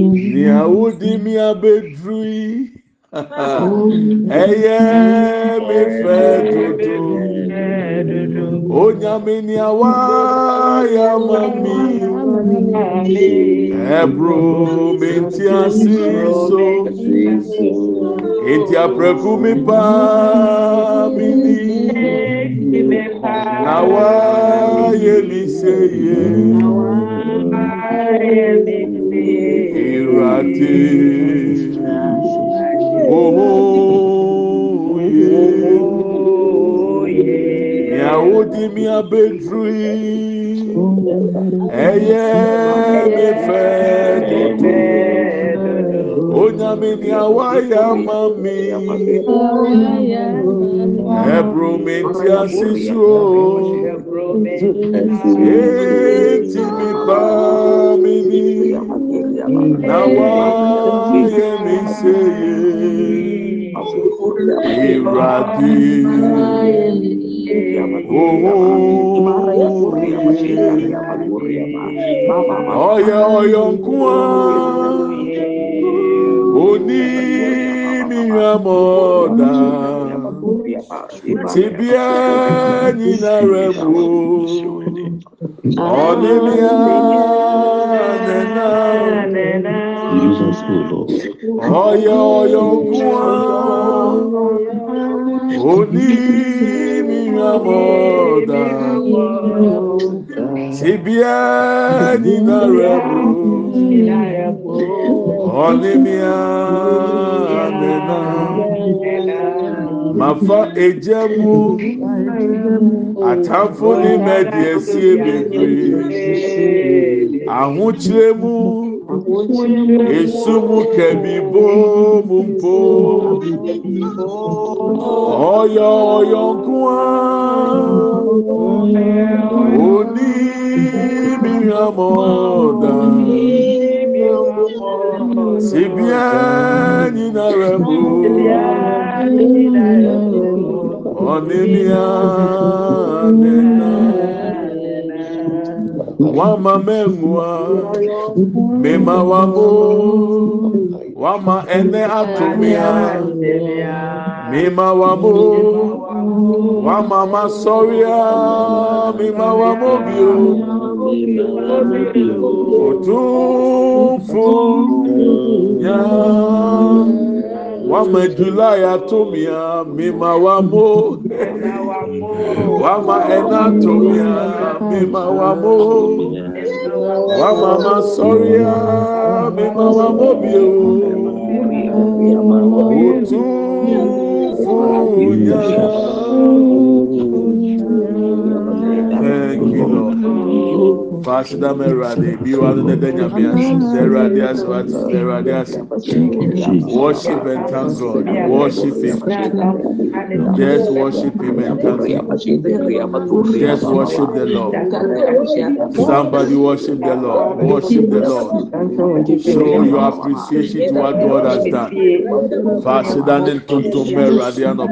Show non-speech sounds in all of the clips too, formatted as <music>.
niawodimiabedrui eyɛ me fɛ dodo onyame niawa ya ma mi ebro mentia si so entiaprɛgu me pa mini awa yemi seye Ewurade oye yàwó di mi abẹ́dúró yìí ẹ̀yẹ mi fẹ́ dòdò onyami ni àwa yà má mi ẹ̀bùrù mi ti àṣìṣú o ètí mi bá mi ní. na wa ye mi iseye ị radi o ọya ọyo nkuan oni mi ra mọda tibịa ni na rẹbo Oh onimianena ọyọya mua onimi na mọdaa tibieni narẹbo onimia nena mafa ejamo atafuni mẹdị ẹsiemegwe a hụn chere mu esumu kẹ mi bomu mbo ọyayọ gụa oni mi hamọna sịmịẹ ẹnyina rẹmu ọ̀nìyànlẹ́nà wàmà mẹ́wàá mímà wàmú wàmà ẹnẹ́ àtúmíà mímà wàmú wàmà má sọ́ríà mímà wàmú bíó òtún fún yàrá. wame julaya tomia mimawamo wama enatomia mwamo wamamasɔia mimawamobi Pastor Merade, you are the Denyabias, the Radias, the Radias. Worship and thank God. Worship Him. Just worship Him and thank Him. Just worship the Lord. Somebody worship the Lord. Worship the Lord. Show your appreciation to what God has done. Pastor Daniel Kuntum Meradiano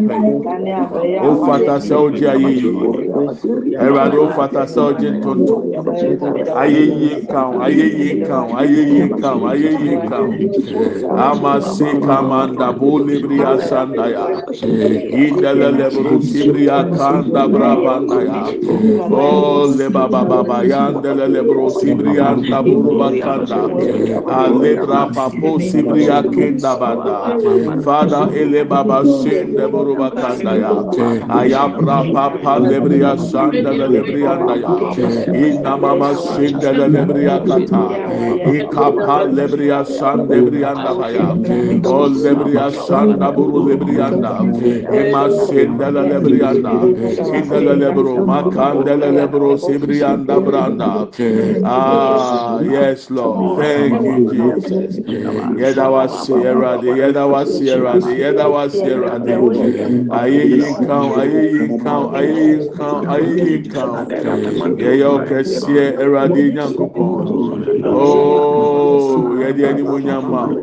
Pay. O Father, Saudi Ayi. Eradi O Father, Saudi Kuntum. ayeyeka ayeyi kau ayeyka ayeye ka amasekamandabo lebriya sa nda ya i dɛlɛlɛbro sibriya ka ndabra pandaya ole babababaya ndɛlɛlɛbro sibriya ndaborbakanda alebra papo sibriya kindabanda fada elebabase dɛborobakandaya ayabra papa lebriya sa ndɛɛlebrya daya i Masinda da Lebria Kata, Ikapa Lebria San Lebrianda Haya, O Lebria San Naburu Lebrianda, Ema Sinda da Lebrianda, Sinda da Lebro, Makanda da Lebro, Sibrianda Branda. Ah, yes, Lord. Thank you, Jesus. Yeda was Sierra, the Yeda was Sierra, the Yeda was Sierra. Aye, come, aye, come, aye, come, aye, come. Yea, okay, Eradi Nyankopon. Oh, yɛde animonyam ma wo.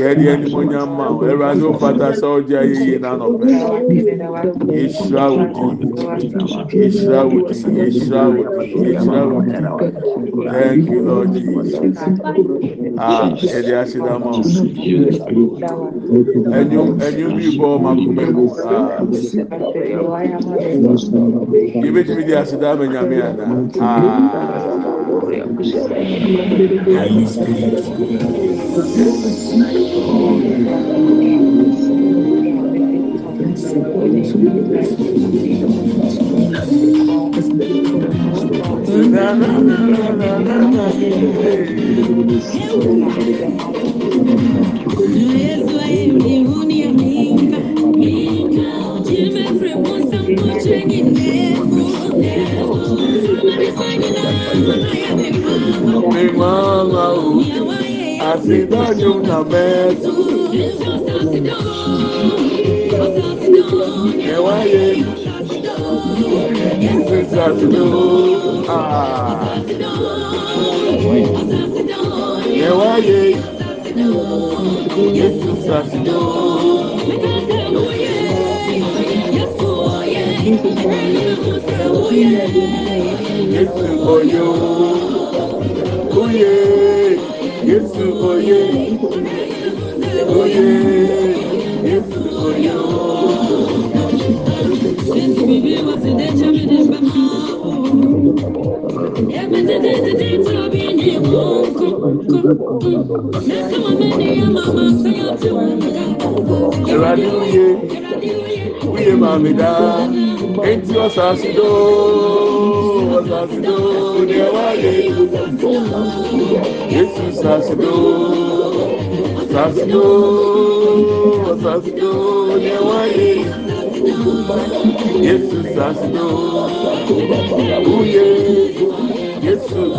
Yɛde animonyam ma wo. Eradi Opata sɛ ɔgye ayɛ yie n'anɔpɛ. Ehyira wo di. Ehyira wo di. Ehyira wo di. Ehyira wo di. Thank you Lord Jesus. Ah, yɛde ase da ma wo. Ɛnyom ɛnyom bi bɔ ɔmo akoma mu. Ah, yɛbɛtumi de ase da ama nyame ana. Ah. Holy you irmã a cidade é um cabeço. É eu é aí, você se assinou. Ah, eu aí, você se assinou. Esse olhou. eayuyemameda entiɔsasido yes y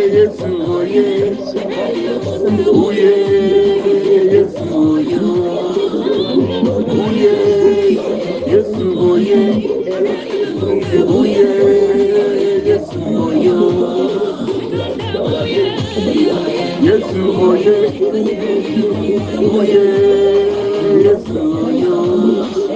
Yesu, o Yesu, o Yesu, o Yesu, o Yesu, o Yesu, o Yesu, o Yesu, o Yesu,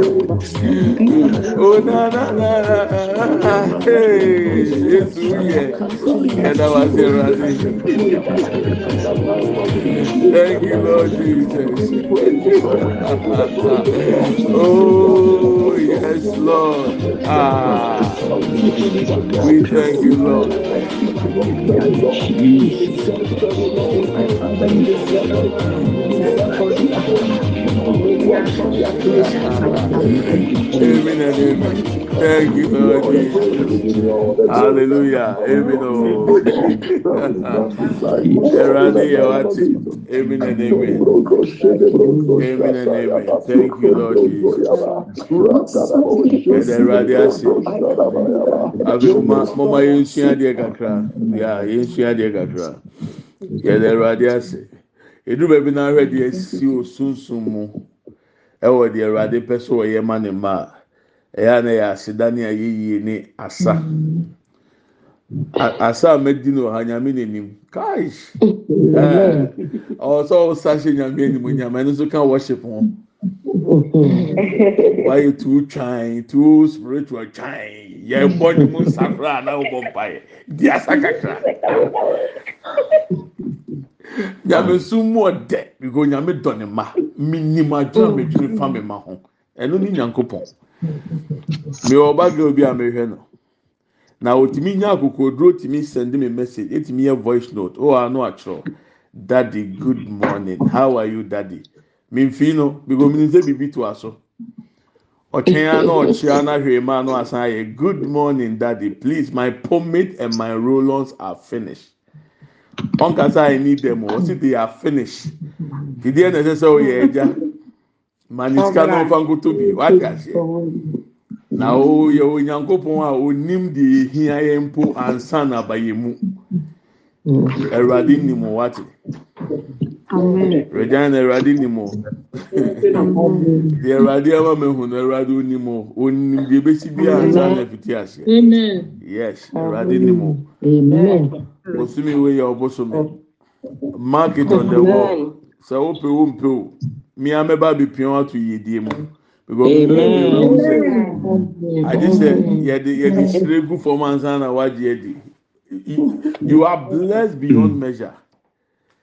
Oh na na na na. Hey, Thank you Lord Jesus. <laughs> Oh yes Lord. Ah. We thank you Lord. Jesus. Amen and amen. Thank you, Lord Jesus. Hallelujah. Amen. Amen and amen. Amen and amen. Thank you, Lord Jesus. Ya esi ɛwɔ deɛ awurade pɛ sɛ ɔyɛ ma ne mma a ɛyɛ a yɛ aseda ne ayɛyie ne asa asa a mɛdi no ɔha nyame n'anim kaish <laughs> ɛɛ ɔwɔ sɛ ɔwɔ sa hyɛ nyame anim nyame no nso ka worship ho. why you too chai, too spiritual trying yẹn bọ ni mo sakura anáwó bọ mpa yẹ di asa kakra nyame sun mu ọdẹ biko nyame dọ ne ma mi nim adwuma mi dwere fa ma ho ẹnu ni nyanko Me mi wọ ọba gẹ obi a mi hwẹ no na otimi nya akoko oduro timi send me message etimi yẹ voice note Oh wa ano atwerɛ daddy good morning how are you daddy mimfii no because mi sɛ biribi to aso ɔkyɛn ano ɔkyia no ahwɛ mu ano asan yɛ good morning daddy please my pomade and my rollons are finished ɔnkasa i need them o ɔsi they are finished didi ɛna ɛsɛ sɛ ɔyɛ ɛgya manisika náà ɔfa nkoto bi wati aseɛ na ɔyɛ onyankopɔn a onim de ehia yɛ mpo ansa na abayɛ mu ɛwurade mm. nim wati regina awurade ni mo deɛ awurade ama mi hu na ni mo onim deɛ ebesi bi ansa na fiti aseɛ yes awurade ni mo osumi wo yɛ ɔbosomi mark it on the wall sɛ o pe o mpe o mi ameba bi pia ato yiedie mu adi sɛ yɛde yɛde sire gu fam ansa na wagye adi you are blessed beyond measure.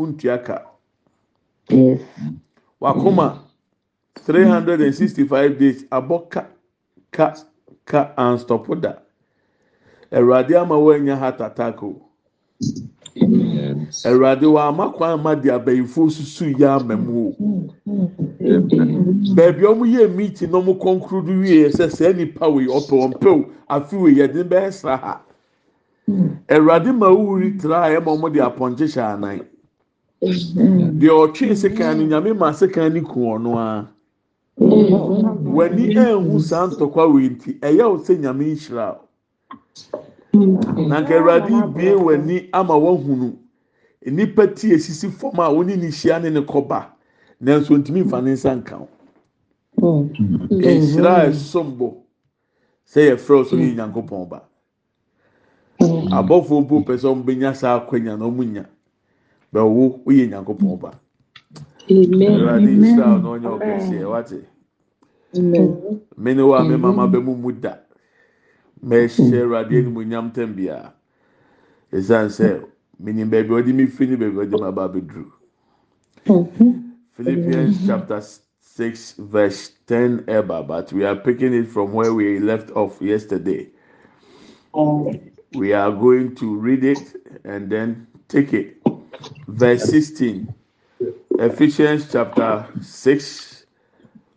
wuntua ka wakoma mm. three hundred and sixty five days abɔ ka ka ka anstɔpo da awurade ama wɔanya heart attack o awurade wɔama kwan ma de abayifo susu yɛ ama mu o beebi a wɔyɛ miiti na wɔn kɔnkuru do wie sɛ sɛ nipa wei ɔpɛ wɔn pɛ afi wei yɛde bɛyɛ sra ha awurade mm. ma wuri tra a ɛma wɔn de apɔnkye hyɛ anan. deɛ ɔtwee sekae no nyame ma sekae no ku ɔ no ara w'ani anhu saa ntɔkwawei nti ɛyɛwo sɛ nyame nhyira o nanka awurade bie w'ani ama woahu nu nnipa ti asisi fam a wone ni hyia ne ne kɔba nansntumi mfane nsa nka wo mm. nhyiraa ɛsom bɔ sɛ yɛfrɛ sɛ ɔyii nyankopɔn ba mm. abɔfoɔ mpopɛ sɛ mbɛya saakayano ɔmya bɛ wo woyɛ nyankopɔn ba awurade israel na ɔnyɛ ɔkɛseɛ wate a me mama da mɛhyɛ awurade tam ɛsiane sɛ menim baabi ɔde me ne baabi ɔde me aba abɛduru mm-hmm. Philippians chapter 6 verse 10 Eba, eh, but we are picking it from where we left off yesterday. We are going to read it and then take it verse 16. Ephesians chapter 6.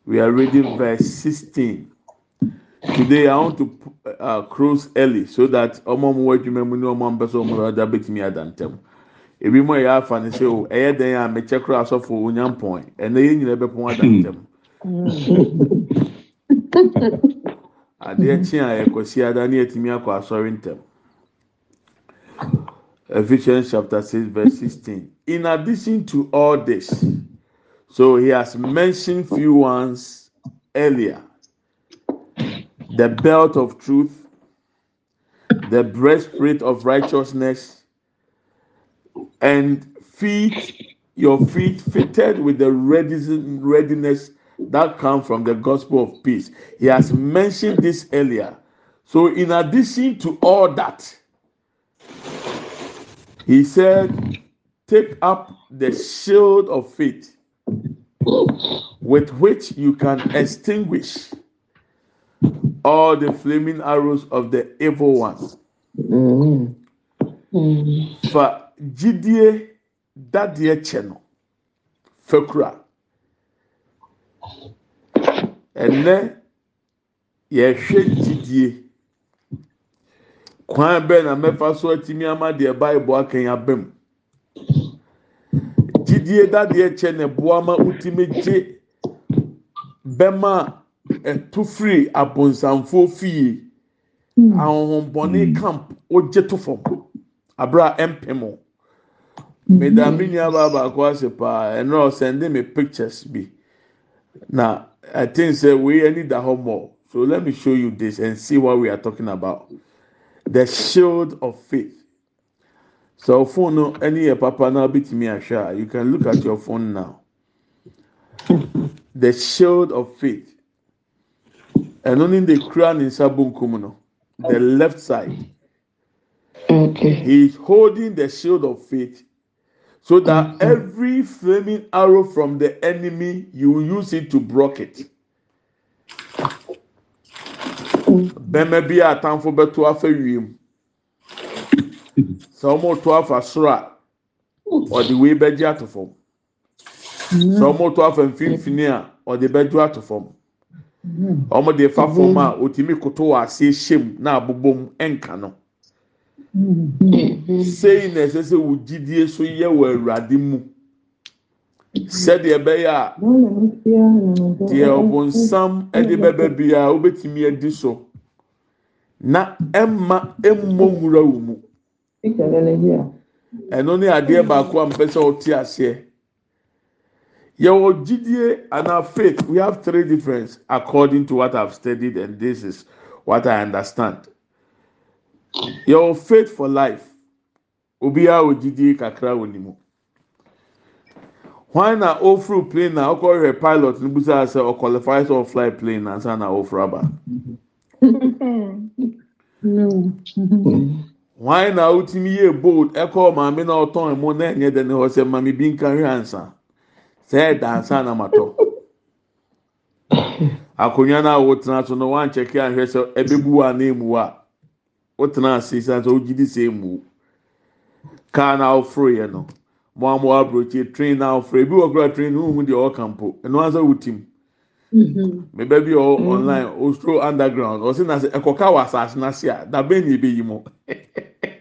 We are reading verse 16. Today I want to uh, close early so that ọmọ mu wẹjumẹ mu ni ọmọ mpẹsẹ ọmọ rẹ ọjà bẹtumi adantem. Ebi mu ya afa sẹ o ẹyẹ dẹn a mẹkyẹ koro asọfo onyampọn ẹnna yẹn nyina bẹ pọn adantem. Adeɛ kyen a ɛkɔsi ada ne yɛtumi akɔ asɔre Ephesians chapter 6, verse 16. In addition to all this, so he has mentioned few ones earlier the belt of truth, the breastplate of righteousness, and feet, your feet fitted with the readiness that come from the gospel of peace. He has mentioned this earlier. So, in addition to all that, he said, Take up the shield of faith with which you can extinguish all the flaming arrows of the evil one. For jidie dadeɛ kyɛ fekura ɛnɛ yɛhwɛ jidie kwan bɛɛ na mɛfa so atumi ama deɛ baibu akan abɛm gyidie dadeɛ kyɛ na ɛboa ma utumi gye bɛma ɛtu firi abonsanfoɔ fie hmm. ahohombɔne hmm. camp ogye to fam abira ɛmpem o mɛdàmí hmm. ní aba baako ase paa ɛnna ɔsɛnde mi pictures bi na i think sɛ wei ɛni da hɔ mɔ so let me show you this and see what we are talking about. the shield of faith sophone anyye papa nowbet me asa you can look at your phone now the shield of faith aoni the craninsabunkumno the left side heis holding the shield of faith so that every famine arrow from the enemy you wil use it to brok it bɛrima bi a atamfo bɛto afa wiem sɛ wɔn to afa soro a ɔde wei bɛgye ato fam sɛ wɔn to afa mfimfini a ɔde bɛdu ato fam wɔn de fa fam a otimi koto wɔ aseɛ hyɛm na abobɔ mu ɛnka no mm-hmm. sei na ɛsɛ sɛ wò gyidie so yɛ wɔ awurade mu. sɛdeɛ ɛbɛyɛ a deɛ ɔbɔnsam ɛde bɛbɛ bia wobɛtumi adi so na ɛma ɛmmɔ nwura wɔ mu ɛno ne adeɛ baako a mpɛ sɛ ɔte aseɛ yɛwɔ gyidie anaa faith we have three difference according to what i have studied and this is what i understand yɛwɔ faith for life obiara wɔ gyidie kakra wɔ ne mu. hwan na ofuru mm-hmm. plane na ọkọhwẹ pilot n'ebusa ase ọ qualifies to fly plane na nsa na ofuru aba hwan na otimi yie bold ẹkọ maame na ọtọn ẹmu na ẹnyẹ dẹ ne họ sẹ maame bi nka hwẹ ansa sẹ ẹda ansa na ma tọ akonnwa na wotena so no wankyɛke ahwɛ sɛ ɛbɛbu a na emu o wotena ase sɛ ɔgyi di sɛ emu kaa na ɔforo yɛ no. mo a mo aburokyi train na afra ebi wɔ kura train huhu deɛ ɔka mpo ɛno ansa wutim mebɛ mm-hmm. bi ɔ mm-hmm. online ostro underground ɔsi na ɛkɔka wɔ asaase n'ase a dabe na ebe yi mo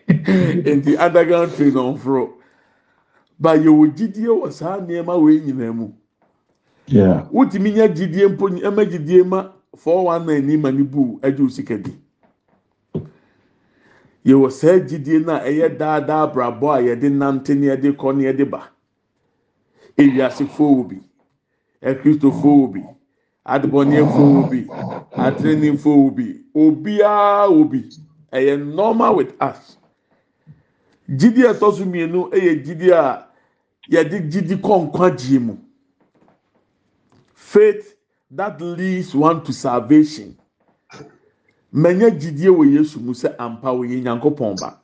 nti underground train ɔnforo ba yɛ wɔ gyidie wɔ saa nneɛma wɔ nyinaa mu wotumi nya gyidie mpo ɛma gyidie ma four one nine ni ma ni bu ɛgye osika di yɛwɔ saa gyidie no a ɛyɛ daadaa abrabɔ a yɛde nante ne yɛde kɔ ne yɛde ba ewiasefoɔ wɔ bi ɛkristofoɔ wɔ bi adebɔneɛfoɔ wɔ bi atrenefoɔ wɔ bi obiara wɔ bi ɛyɛ normal with us gyidie ɛtɔ so mmienu ɛyɛ gyidie a yɛde gyidi kɔ nkwagyeɛ mu faith that leads one to salvation manya gyidie wɔ yesu mu sɛ ampa wɔyɛ nyankopɔn ba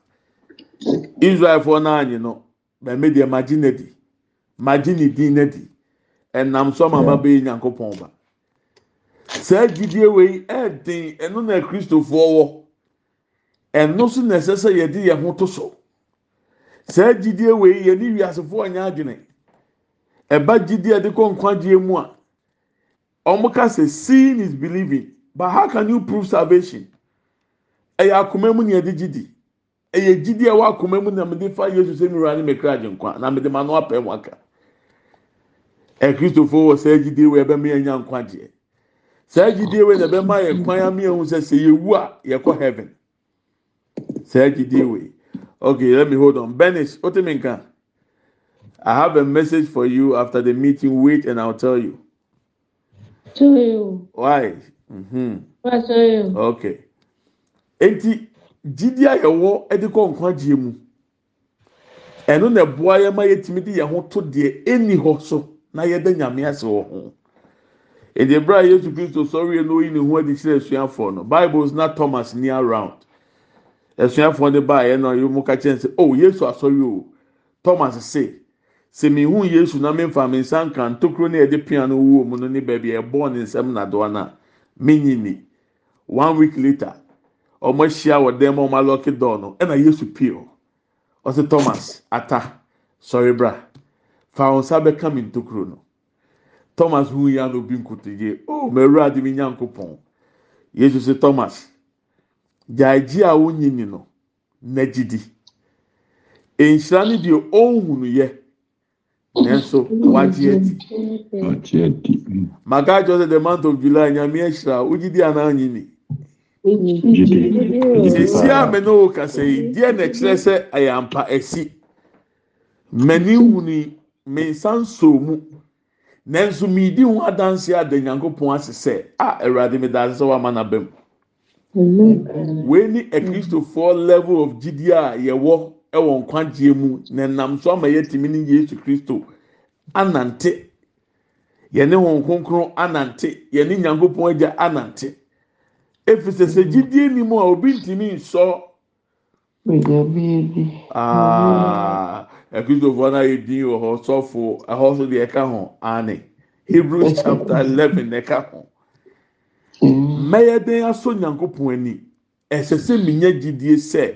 israelfoɔ no anyi no bɛmɛ deɛ magye n'adi magye ne din n'adi ɛnam so ama ba bɛyɛ nyankopɔn ba saa gyidie wei ɛɛden ɛno na kristofoɔ wɔ ɛno so na ɛsɛ sɛ yɛde yɛn ho to so saa gyidie wei yɛ ne wiasefoɔ nyɛ adwene ɛba gyidie ɛde kɔ nkwagyeɛ mu a wɔn ka seeing is believing. how can you prove salvation ɔyɛ akomamu ne de gyidi yɛ gyidi a wɔ akoma mu nea mede fa yes sɛmeae krage nka namee mopaaea message fo you afte the meeting a ande o Mhm. ok eti gyidi a yɛwɔ de kɔ nkwagyeɛ mu ɛno na ɛboa yɛ ma yɛtumi de yɛn ho to deɛ ɛni hɔ so na yɛde nyame ase wɔ ho edi ebere a yesu kristo sɔre yɛ na oyi ne ho adi kyerɛ esuafoɔ no bibles na thomas ni around esuafoɔ de baa yɛ na yɛ mu ka kyerɛ sɛ o yesu asɔre o thomas se sèmi hu yesu na mi nfa mi nsa nka ntokuro na yɛde pia no wuo mu no ne baabi ɛbɔ ne nsam na doa na menyini one week later ɔmo ahyia wɔ dan mu ɔmo alɔki dɔɔ no ɛna yesu pie o ɔsi thomas ata sɔre bra fa wɔn nsa bɛka mi ntokuro no thomas hu ya na obi nkutuye o mɛru adi mi nya nkopɔn yesu si thomas gyaagye a wonyini no n'agyidi nhyira ne deɛ ɔnhunu yɛ nanso wagye adi wagye adi maka atwa sɛ the month of july nyame ahyira wogye di anan ni sisi a mɛ no kasa yi deɛ na kyerɛ sɛ ɛyɛ ampa ɛsi mɛni wuni mu nanso miidi ho adansi ada nyankopɔn ase sɛ a awurade mi da ase sɛ wama na bɛm wei ni level of gyidi a yɛwɔ ɛwɔ nkwagyeɛ mu na nam so ama yɛtumi ne yesu kristo anante yɛne wɔn kronkron anante yɛne nyankopɔn agya anante efi sɛ sɛ gyidie ni mu a obi ntumi nsɔ. akristofoɔ no ayɛ din wɔ hɔ sɔfo ɛhɔ so deɛ ɛka ho ane hebrews chapter eleven na ɛka ho mɛyɛ den aso nyankopɔn ani ɛsɛ sɛ menya gyidie sɛ.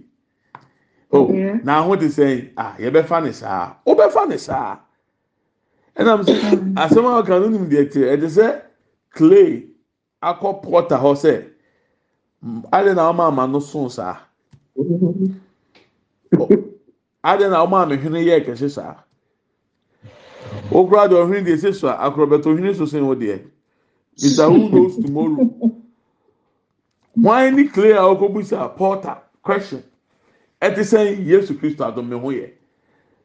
o na ahụ dị sị a yabɛfa ne saa wobɛfa ne saa ɛnam sị asɛm a ɔka no nim deɛ tiri ɛdị sɛ clay akɔ pɔta hɔ sɛ adị na ɔma ama no so saa adị na ɔma ama hwene yɛ kɛse saa okura deɛ ɔhwene dị esi so a akorɔbɛtɔ hwene so sen wɔ deɛ mr who knows tomorrow <laughs> wɔn ani clay a ɔkɔ busa pɔta question. ɛte sɛn yesu kristo adome ho yɛ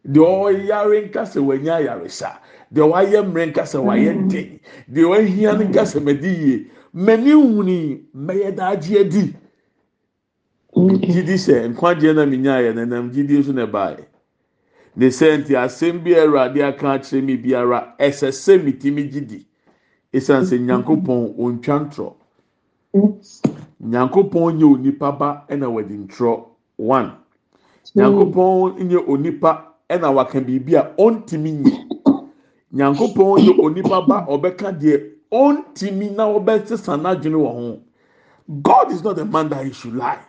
deɛ ɔyare nkasa wanya ayaresa deɛ wayɛ mmerɛ mm-hmm. nkasa wayɛ den deɛ wahia mm-hmm. no nkasa mɛdi yie mɛni nwuni mɛyɛ daagye adi gidi sɛ nkwagye na mi nyaayɛ nenam gidi nso na ɛbaayɛ ne sɛnti asɛm bi awurade aka akyerɛ mi biara ɛsɛ sɛ mi ti mi gidi esan sɛ nyankopɔn ontwa ntorɔ mm-hmm. nyankopɔn nyɛ onipa ba ɛna wɔde ntorɔ one nyankopɔn nyɛ onipa ɛna waka biribi a ɔntumi nyɛ nyankopɔn yɛ onipa ba ɔbɛka deɛ ɔntumi na ɔbɛsesa n'adwene wɔ ho god is not a man that he should lie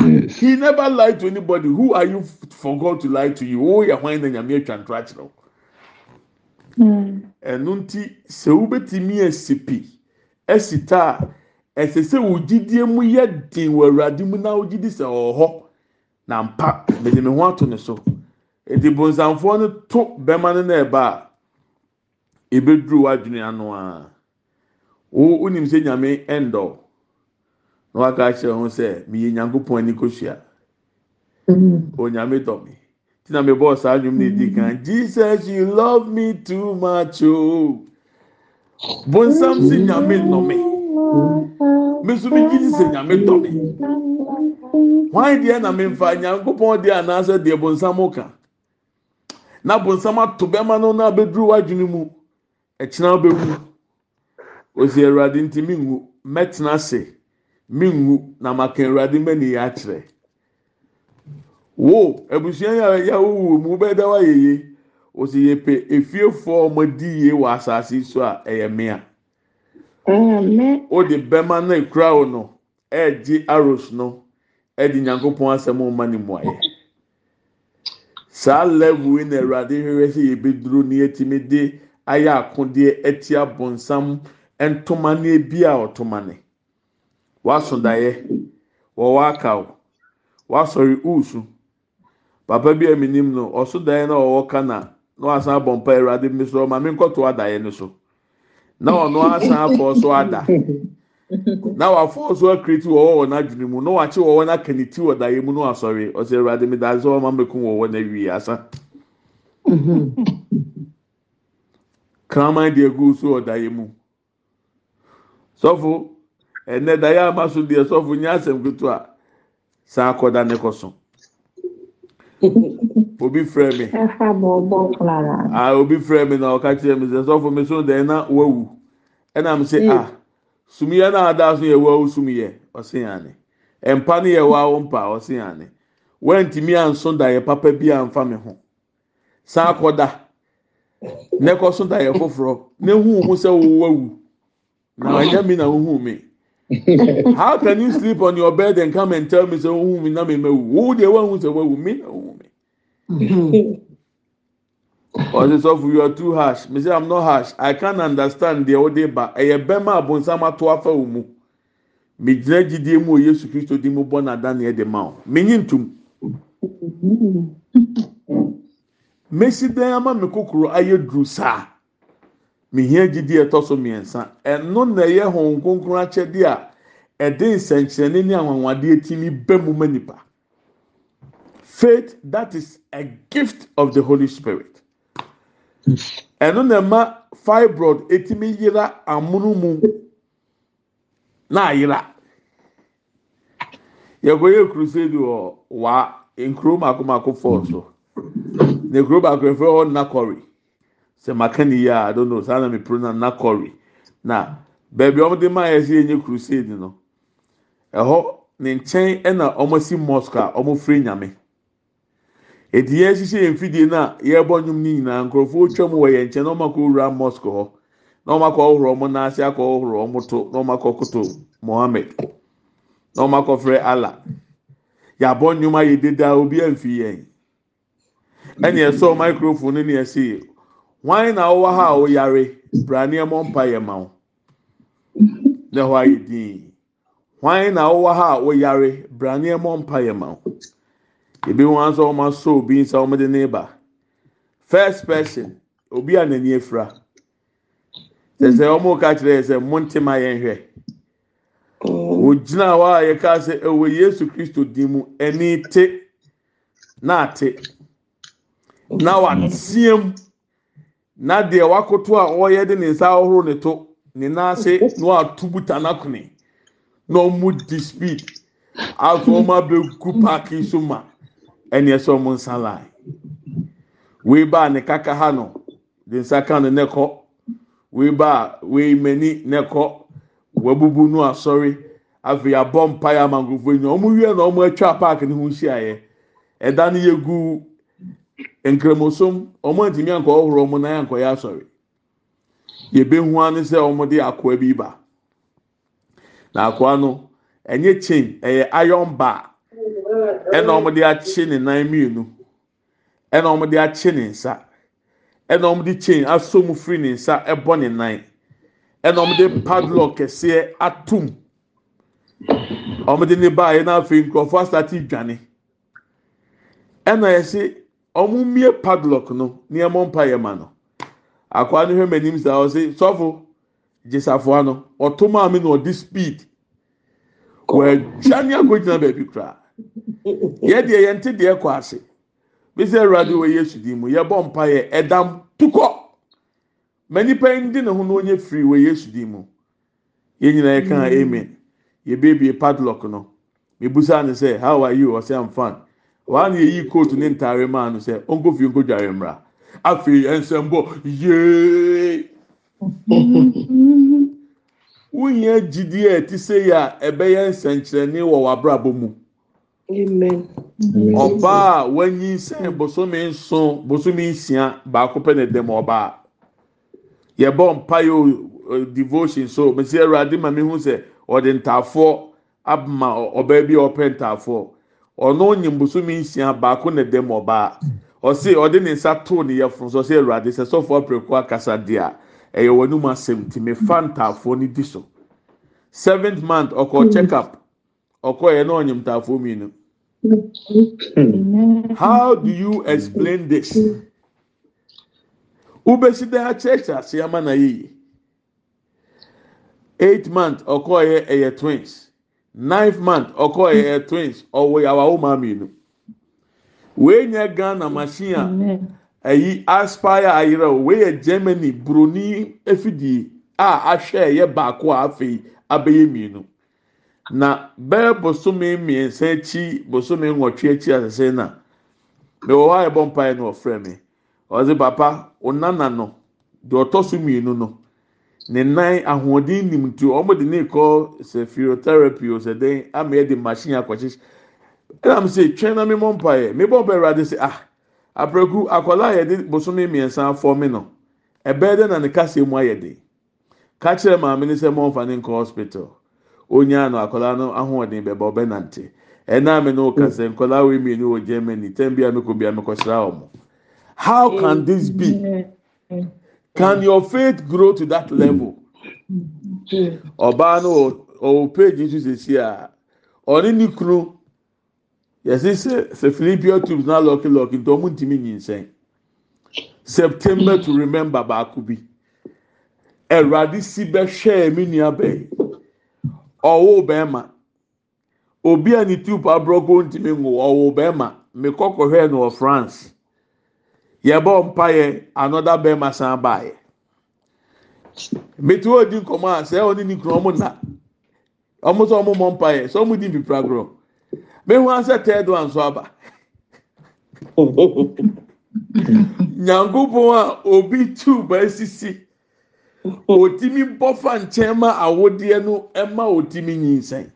yes. he never lie to anybody who are you for god to lie to you o yɛ hwan na nyame atwa ntora kyerɛ o hmm. ɛnu nti sɛ wobɛtumi ɛsi pi ɛsi taa ɛsɛ sɛ wò gyidie mu yɛ den wɔ awurade mu na wò gyidi sɛ ɔwɔ hɔ. Nan pa, mwen se mwen wan tonye so. E ti bon san fwa nou tup bèman e nou nè ba. Ibe drou waj nou anwa. Ou, ou nim se nyame endo. Nou akache yon se, miye nyangu pwen niko shia. Mm. Ou nyame to mi. Ti nan me bo sa, joun mwen di kan, mm. Jesus, you love me too much yo. Oh. Bon san si nyame lò me. Mwen. Mm. me nso me gyi sɛ nyame dɔ me wɔn deɛ na me nfa nyankopɔn deɛ anaasɛ deɛ bonsam ka na bonsam ato bɛma no na abɛduru wadwene mu ɛkyina bɛwu osi awurade nti mi nwu mɛtena ase mi nwu na maka awurade mɛ ne yɛ akyerɛ wo abusua yɛ awowo mu bɛda wa yɛye osi yɛ pɛ efiefoɔ ɔmo di yie wɔ asaase so a ɛyɛ mmea. wode bɛma no ekura wo no ɛɛgye arrows no ɛde nyankopɔn asɛm ɔma ne mu ayɛ saa level yi na awurade hwehwɛ sɛ yɛbɛduru ne yɛtumi de ayɛ akodeɛ ɛti abɔnsam ntomane bi a ɔtomane waso daeɛ wɔwɔ aka ọ wasɔre uusu papa bi a mi nim no ɔso daeɛ na ɔwɔ kana na wasan abɔ mpa awurade mi mmiri ɔma mi nkɔto adaeɛ no na ɔno asa afɔ so ada na wafɔ so akiriti wɔ wɔ n'adwene mu na wakye wɔ wɔ n'akani ti wɔ daeɛ mu na wasɔre ɔsɛ ɛwurade mi da sɛ ɔma mɛkum wɔ na-ewi asa kraman deɛ gu so wɔ daeɛ mu sɔfo ɛnɛ daeɛ ama so deɛ sɔfo nyɛ asɛm ketewa saa akɔda ne kɔ so. obi frɛ na ɔka kyerɛ mi sɛ sɔfo mi na wawu ɛna a na yɛ wawu ɔsi yanni mpa ni yɛ wawu mpa ɔsi yanni anso da yɛ papa bi anfa mi ho saa kɔda n'ɛkɔ so da yɛ foforɔ sɛ na ah. na mi. How can you sleep on your bed and come and tell me say mi na mi ɔsi mm-hmm. <laughs> sɔfo you are too harsh me say i'm not harsh i can't understand deɛ ɔde ba ɛyɛ bɛrima abonsam ato afa wɔn mu me gyina gyidie mu o yesu kristo di mu na Daniel de ma o me nyi ntum mesi dan ama me kokoro ayɛ duru saa me hia gyidie ɛtɔ so mmiɛnsa ɛno na ɛyɛ hɔn nkonkron akyɛdeɛ a ɛde nsɛnkyerɛnne ne anwanwadeɛ ti mi bɛ mu ma nipa. faith that is a gift of the holy spirit ɛno na ɛma fibroid etimi yira amunumu mu na ayira yɛkɔyɛ crusade wɔ wa nkuro mako mako fɔɔ so na nkuro baako efɛ hɔ nakɔri sɛ maka ni a i don't know saa na mi pro na nakɔri na beebi wɔn de maa yɛ si enye crusade no ɛhɔ ne nkyɛn ɛna wɔn si mosque a firi nyame. eti yɛ hyehyɛ yɛn fidie no a yɛrebɔ nnwom no nyinaa nkurɔfoɔ twam wọ yɛn nkyɛn na wɔn akɔ wura mosque hɔ na wɔn akɔ ɔhoro wɔn nan ase akɔ ɔhoro wɔn to na wɔn mohammed na allah obi microphone na ha na na ha bra mpa ma ebi wọn nso wɔn asɔ obi nsa wɔn de ne ba first person obi a n'ani efura sɛsɛ wɔn ka kyerɛ yɛ sɛ mo ntoma yɛn hwɛ wogyina mm. hɔ a yɛka sɛ ɛwɔ yesu kristo di mu ɛni te na ate na mm. wateam na deɛ wakoto a ɔyɛ de ne nsa ahorow ne to ne nan ase na watu buta n'akone na ɔmo di speed aso ɔmo abegu paaki nso ma. ɛne ɛsɛ ɔmo nsa line wei baa ne kaka ha no de nsa ka no n'ɛkɔ wei baa wei mani n'ɛkɔ wabubu no asɔre afei abɔ mpaeɛ ama nkurɔfoɔ nyinaa ɔmo wie na ɔmo atwa paaki ne ho hyiaeɛ ɛda no yɛ gu nkramosom ɔmo ntumi ankɔ ɔhoro ɔmo nan ankɔ yɛ asɔre yɛbɛhu ano sɛ ɔmo de akoa bi ba na akoa no ɛnyɛ e chain ɛyɛ e iron bar. ɛna ɔmde akye ne nan mmienu ɛna ɔmde akye ne nsa ɛna ɔmde kyen asɔ mu firi ne nsa ɛbɔ ne nan ɛna ɔmde padlock kɛseɛ atum ɔmde ne baayɛ na afei asate dwane ɛna yɛsi ɔmo mie padlock no nneɛma mpa yɛ ma no akwaa no hwɛ m'anim saa ɔsi sɔfo gyesafoa no ɔto maame na ɔde speed wɔadwa ne akɔgyina baabi koraa. yɛdeɛ yɛnte deɛ kɔ ase bisɛ awurade wɔ yesu din mu yɛbɔ mpa yɛ ɛdam tukɔ ma nipa yi di ne ho na onye firi wɔ yesu din mu yɛn nyinaa yɛ kan hmm. amen yɛbeebie padlock no ebusa ne sɛ how are you ɔsɛ i'm fine wɔn a yɛyi coat ne ntaare maa no sɛ ɔnkɔ fie nkɔ dware mmra afei nsɛmbɔ yee hmm. wonyɛ gyidie a ti sɛ yɛ a ɛbɛyɛ nsɛnkyerɛnne wɔ w'abrabɔ mu. ɔbaa a wɔanyinsɛn bosome nson bosome nsia baako pɛ na dɛm ɔbaa yɛbɔ mpaeɛ o eh, devotion so mesia awurade ma mehu sɛ ɔde ntaafoɔ ama ɔbaa bi a ɔpɛ ntaafoɔ ɔno onyim bosome nsia baako na dɛm ɔbaa ɔsi ɔde ne nsa too ne yɛfun so ɔsi awurade sɛ sɔfo apɛko akasa deɛ ɛyɛ wɔn anum asɛm ti mefa ntaafoɔ ne di so seventh month ɔkɔ hmm. check up ɔkɔ yɛ na ɔnyim ntaafoɔ mmienu. Mm-hmm. How do you explain this? Ubesi de ha church ase ama na yiyi. Eight month ọkọ yẹ twins. Ninth month ọkọ yẹ twins ọwọ yàwá ọmọ mmienu. Wee nye Ghana machine mm-hmm. a ẹyi aspire ayerẹ Wee Germany Buroni efidie a ahwẹ ẹyẹ baako a afei abẹyẹ mmienu. na bɛyɛ bosome mmiɛnsa akyi bosome nwɔtwe akyi asese na mewɔ hɔ a yɛbɔ mpaeɛ no ɔfrɛ mi ɔsɛ papa onana no deɛ ɔtɔ so mmienu no ne nan ahoɔden nim tu wɔn de ne kɔ sɛ physiotherapy o sɛ den ama yɛ de machine akɔkyekyɛ ɛnam sɛ twɛn na mi mɔ mpaeɛ mi bɔ mpaeɛ ɛwurade sɛ ah aprɛku akwadaa a yɛde bosome mmiɛnsa afɔmi no ɛbɛyɛ dɛ na ne kasa mu ayɛ den kakyere maame ne sɛ mɔmfa ne nkɔ hospital. onyaa no akwadaa no ahoɔden bɛba ɔbɛnante ɛnna mi no kasa nkwadaa wo mmienu wɔ germany tɛn bi a mi kɔ bi a mi kɔ sra wɔn how can this be can your faith grow to that level ɔbaa no ɔwɔ page nso sisi a ɔne ne kunu yɛsi sɛ sɛ philippia tubes na lɔki lɔki nti ɔmo ntumi nyinsɛn september to remember baako bi ɛwurade si bɛhwɛ mi nua bɛyi. Ọwụ bɛrima obi a ne tuupu aborɔko ntumi nwo ɔwoo bɛrima mekɔ kɔhwɛ no wɔ France yɛbɔ mpaeɛ anoda bɛrima san baeɛ metu odi nkɔmɔ a sɛ ɔne ne kunu ɔmo na ɔmo sɛ ɔmo mɔ mpaeɛ sɛ ɔmo di mpipira agorɔ mehu asɛ third one so aba <laughs> nyankopɔn a obi tuupu esisi. otimi bɔfa nkyɛn ma awodeɛ no ma otimi nyinsɛn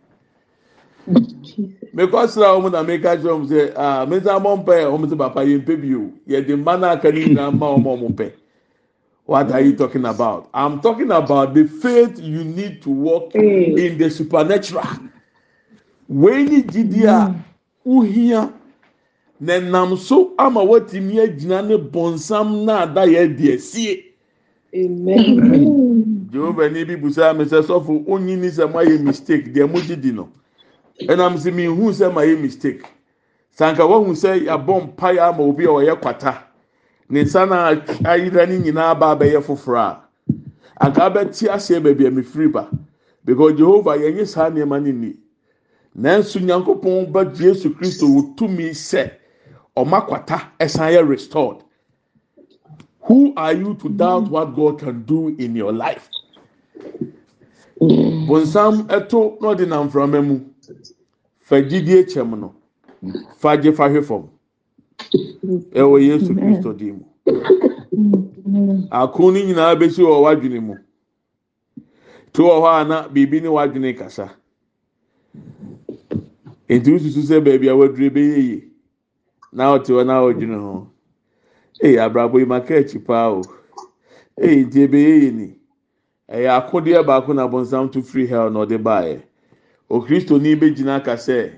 mekɔsra wɔn na meka kyerɛ wɔn sɛ aa ah, mesa mɔ mpɛ wɔn sɛ papa yɛn mpɛ bi o yɛde mma n'aka ne nyinaa ma wɔn wɔn pɛ what are you talking about i'm talking about the faith you need to walk in the supernatural wei ni gidi a uhia mm. na nam so ama wɔtumi agyina ne bɔnsam na ada yɛ deɛ sie. jehova ni bi busa mi sɛ sɔfo onyi ni sɛ mayɛ mistake deɛ mo didi no ɛnam sɛ mi hu sɛ mayɛ mistake sanka wahu sɛ yabɔ mpaeɛ ama obi a ɔyɛ kwata ne nsa na ayira ne nyinaa ba abɛyɛ foforɔ a anka abɛte aseɛ baabi a mefiri ba because jehova yɛnyɛ saa nneɛma no ni nanso nyankopɔn ba yesu kristo wɔ tumi sɛ ɔma kwata ɛsan yɛ restored who are you to doubt what God can do in your life? Mm. bonsam ɛto na ɔde nam frama mu fagidie kyɛm no fagye fahwe fam ɛwɔ yesu kristo dii mu mm. ako ne nyinaa bɛsi wɔ w'adwene mu to wɔ hɔ a na biribi ne w'adwene kasa nti wosusu sɛ baabi a wadure bɛyɛ yie na ɔte hɔ ho eyi abrabọ yi maka ekyi paa o eyi nti ebe eyi ni ɛyɛ eh, akodeɛ baako na abɔnsam to free hell na ɔde baeɛ eh. okristoni bɛgyina aka sɛ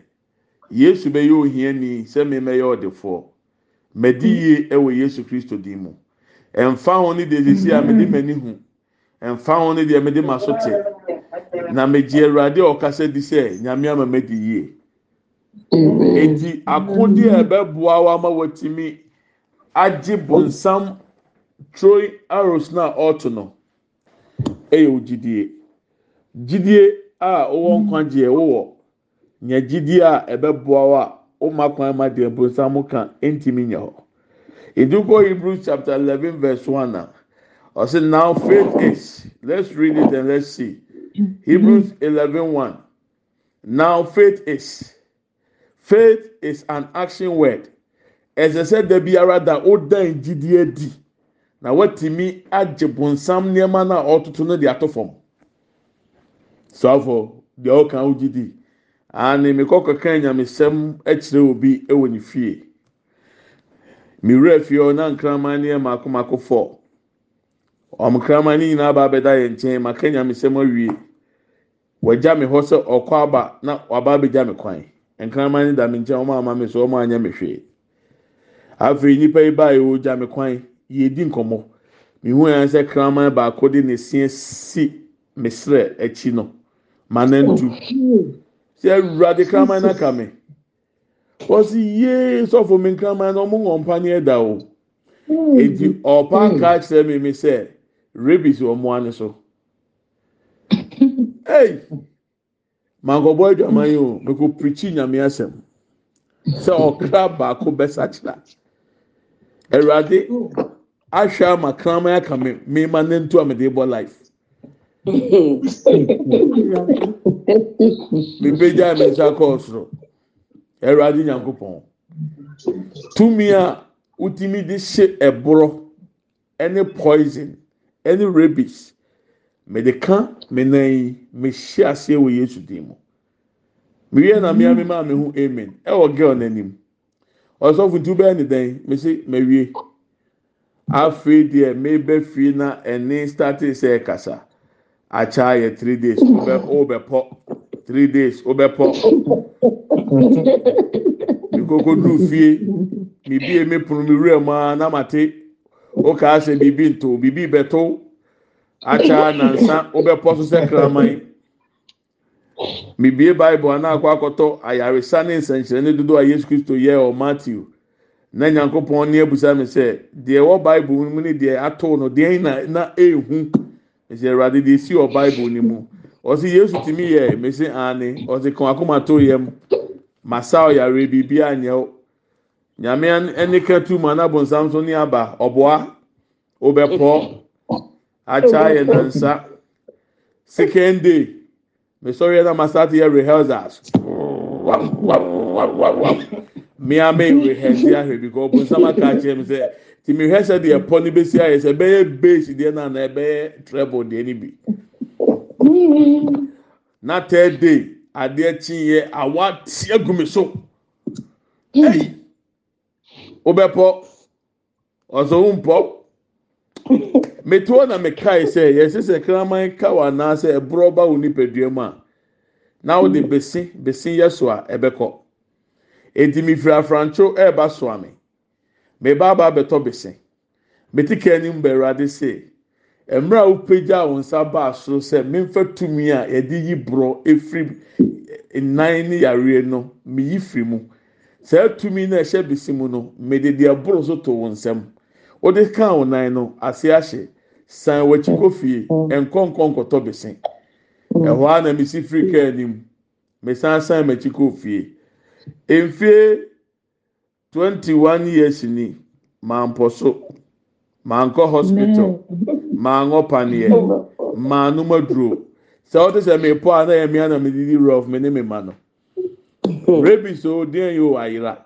yesu bɛyɛ ohiani sɛ mmɛmɛyɛ ɔdefoɔ mɛdi yie ɛwɔ e yesu kristo din mu ɛnfa ho ne deɛ sisi a mɛde mɛni ho ɛnfa ho ne deɛ mɛde ma so te na mɛgye awurade e a ɔkasa di sɛ nyame ama mɛdi yie eti akodeɛ ɛbɛboa wa ama wɔtumi. agye bonsam throwing arrows na ɔreto no ɛyɛ wo gyidie gyidie a wɔwɔ nkwagyeɛ wɔwɔ nyɛ gyidie a ɛbɛboa wo a wɔma kwan ma deɛ bonsam mo ka ntumi nyɛ hɔ edugbo Hebrews chapter eleven verse one a ɔsi now faith is let's read it and let's see Hebrews eleven one now faith is faith is an action word. ɛsɛ sɛ da biara da wodan gyidie adi na watumi agye bonsam nneɛma no a ɔtoto no de ato fam soafo deɛ ɔka wo gyidi ane mekɔ kɔka nyamesɛm akyerɛ obi wɔ ne fie mewura fie ɔ na nkraman ne yɛ maako maako fɔ ɔmo kraman ne nyinaa ba abɛda yɛn nkyɛn maka nyamesɛm awie wagya me hɔ sɛ ɔkɔ aba na waba abegya me kwan nkraman ne da me nkyɛn ɔmo ama me so ɔmo anya me hwee. afei nnipa yi baa ɛwɔ gya me kwan yɛredi nkɔmmɔ mihu yɛn sɛ kraman baako de ne seɛ si mesrɛ akyi no manantu sɛ awurade kraman n'aka me wɔsi yie sɔfo mi kraman na ɔmo wɔn mpa ne ɛda o eti ɔpa nka kyerɛ mi mi sɛ rabies wɔ mo ano so ei mankɔbɔ adwaman yi o mɛ ko pirikyi nyame asɛm sɛ ɔkra baako bɛsa kyerɛ awurade ahwɛ ama kraman aka mi mema ne ntu a mede bɔ life mebegya mi nsa kɔɔ soro awurade nyankopɔn tumi a wotumi de hyɛ ɛborɔ ɛne poison ɛne rabies mede ka me nan yi mehyɛ aseɛ wɔ yesu dim mu mewie na mmea me maa me ho amen ɛwɔ girl n'anim ɔsɔfo nti bɛyɛ ne dɛn mesi mɛwie afei deɛ mɛbɛ fie na ɛne stati sɛ ɛkasa akya yɛ three days ɔbɛ ɔbɛpɔ three days ɔbɛpɔ nkoko duru fie bibi emi pono mi wura mu a na ma te ɔka asɛ bibi nto bibi bɛto akya nansa ɔbɛpɔ so sɛ kraman. mibie bible anaakɔ akɔtɔ ayaresa ne nsɛnkyerɛnne dodoɔ a yesu kristo ihe ọ matthew na nyankopɔn ne na mi sɛ deɛ ɛwɔ bible mu ne deɛ ato na na ehu ɛsɛ awurade deɛ esi wɔ bible ne mu yesu tumi yɛ mesi aane ɔsi to biribi nyame na so aba na mesɔre ɛna masate yɛ rehearsals wam wam wam wam wam mmea mɛ rehearse ahwɛ bi kɔɔ bonsam aka akyerɛ mi sɛ ti mi hɛ sɛ deɛ pɔ ne besi ayɛ sɛ bass deɛ na na ɛbɛyɛ treble deɛ ne bi na third day adeɛ kyin yɛ awa tie gu mi so ɛyi wobɛpɔ ɔsɔ wo mpɔ metuo na mekae sɛ yɛsɛ sɛ kraman ka wɔ anaasɛ ɛborɔ ba wɔ nipadua mu a na wɔde mm. besi besi yɛ so a ɛbɛkɔ eti mifiri afrantwo ɛɛba so ame meba aba abɛtɔ besi meti kaa anim bɛwurade se mmerɛ a wopagya wɔn nsa baa soro sɛ memfa tumi a yɛde yi borɔ efiri nnan ne yareɛ no meyi firi mu saa tumi na ɛhyɛ besi mu no mede boro so to wɔn nsam wode ka wo nan no ase ahyɛ san w'akyi kɔ fie nkɔnkɔ nkɔtɔ bese ɛhɔ ara na mesi firi kaa anim mesan san m'akyi kɔ fie mfie twenty one years ni maa mpɔ so maa nkɔ hospital maa nkɔ paneɛ maa noma duro sɛ ɔte sɛ mepɔ a na yɛ mmea na medidi rough me ne me ma no rabies o den yi o ayira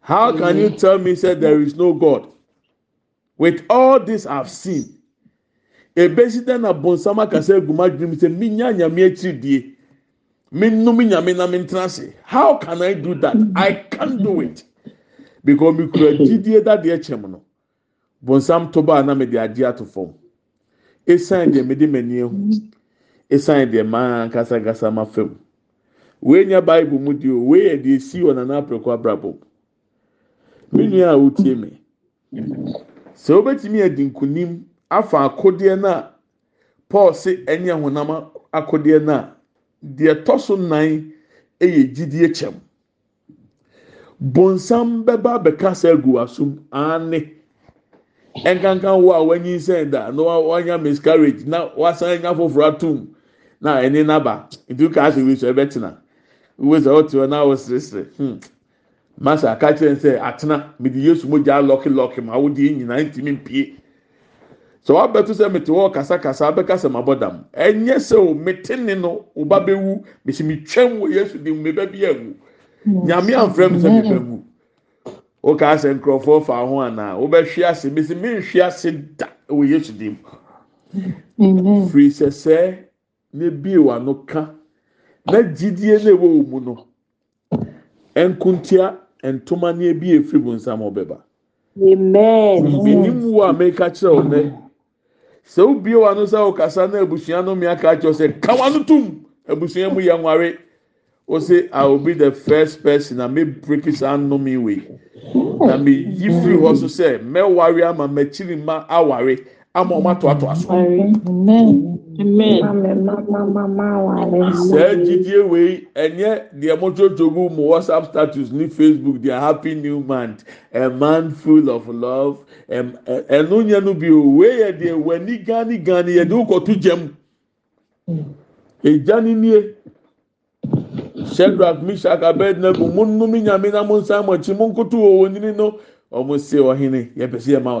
how can you tell me say there is no God with all this I've seen ebesi dɛ na bonsam akasa eguma dwom sɛ mi nya nyame akyi die mi num nyame na mi ntena se how can i do that i can do it because mi kura gyidie dadeɛ kyɛm no bonsam to baa na mi de agye ato fam esan deɛ mi de m'ani ehu esan deɛ maa nkasakasa ma fam wee nya baibu mu di o wee yɛ deɛ esi wɔ nana apɛkɔ abrabɔ mi nua a wotie mi. sɛ wobɛtumi adi nkunim afa akodeɛ no a paul sɛ ɛne honam akodeɛ no a deɛ ɛtɔ so nan yɛ gyidie kyɛm bonsam bɛba bɛka sɛ agu asom ane ɛnkankan wo a wɔanyinsɛn da na wɔanya miscarriage na wasan anya foforɔ atom na ɛne naba nti wokaa sɛ wi so ɛbɛtena wo sɛ wote hɔ na woseresere hmm. masa aka kyerɛ nsɛ atena mede yesu mogya lɔke lɔke ma awo deɛ nyinaa ntumi mpie sɛ wabɛto sɛ mete hɔ kasakasa abɛkasa ma bɔ ɛnyɛ sɛ o mete ne no o bɛwu mesi mi wɔ yesu de mu bɛ bi awu nyame anfrɛ mi sɛ mi bɛ wu o kaa sɛ nkurɔfoɔ fa ho ana o ase mesi mi ase da wɔ yesu de mu firi sɛsɛ ne bie wa ka na gyidie na ewo wɔn mu no nkuntia ntoma ne bi efiri wɔn nsa ma ɔbɛba. amen. binim wo a mɛka kyerɛ wɔn dɛ sɛ obie wɔn ano sɛ ɔkasa na abusua no mmea ka kyerɛ sɛ kawa no tum abusua mu yɛ nware o say i will be the first person na may break his hand no me way na me yi firi hɔ so sɛ mɛware ama mɛkyiri ma aware ama ɔmo atoatoa so. saa gyidie wei ɛnyɛ deɛ mo dwodwogu mo whatsapp status ne facebook their happy new month a man full of love ɛno nyɛ no bi o wei yɛ deɛ w'ani gani gani yɛ de wokɔto gyam egya ni nie shedrack mishak abednego mo nnum nyame na mo nsa mo akyi mo nkoto wɔ wɔn nini no ɔmo se ɔhene yɛ pɛ sɛ yɛ ma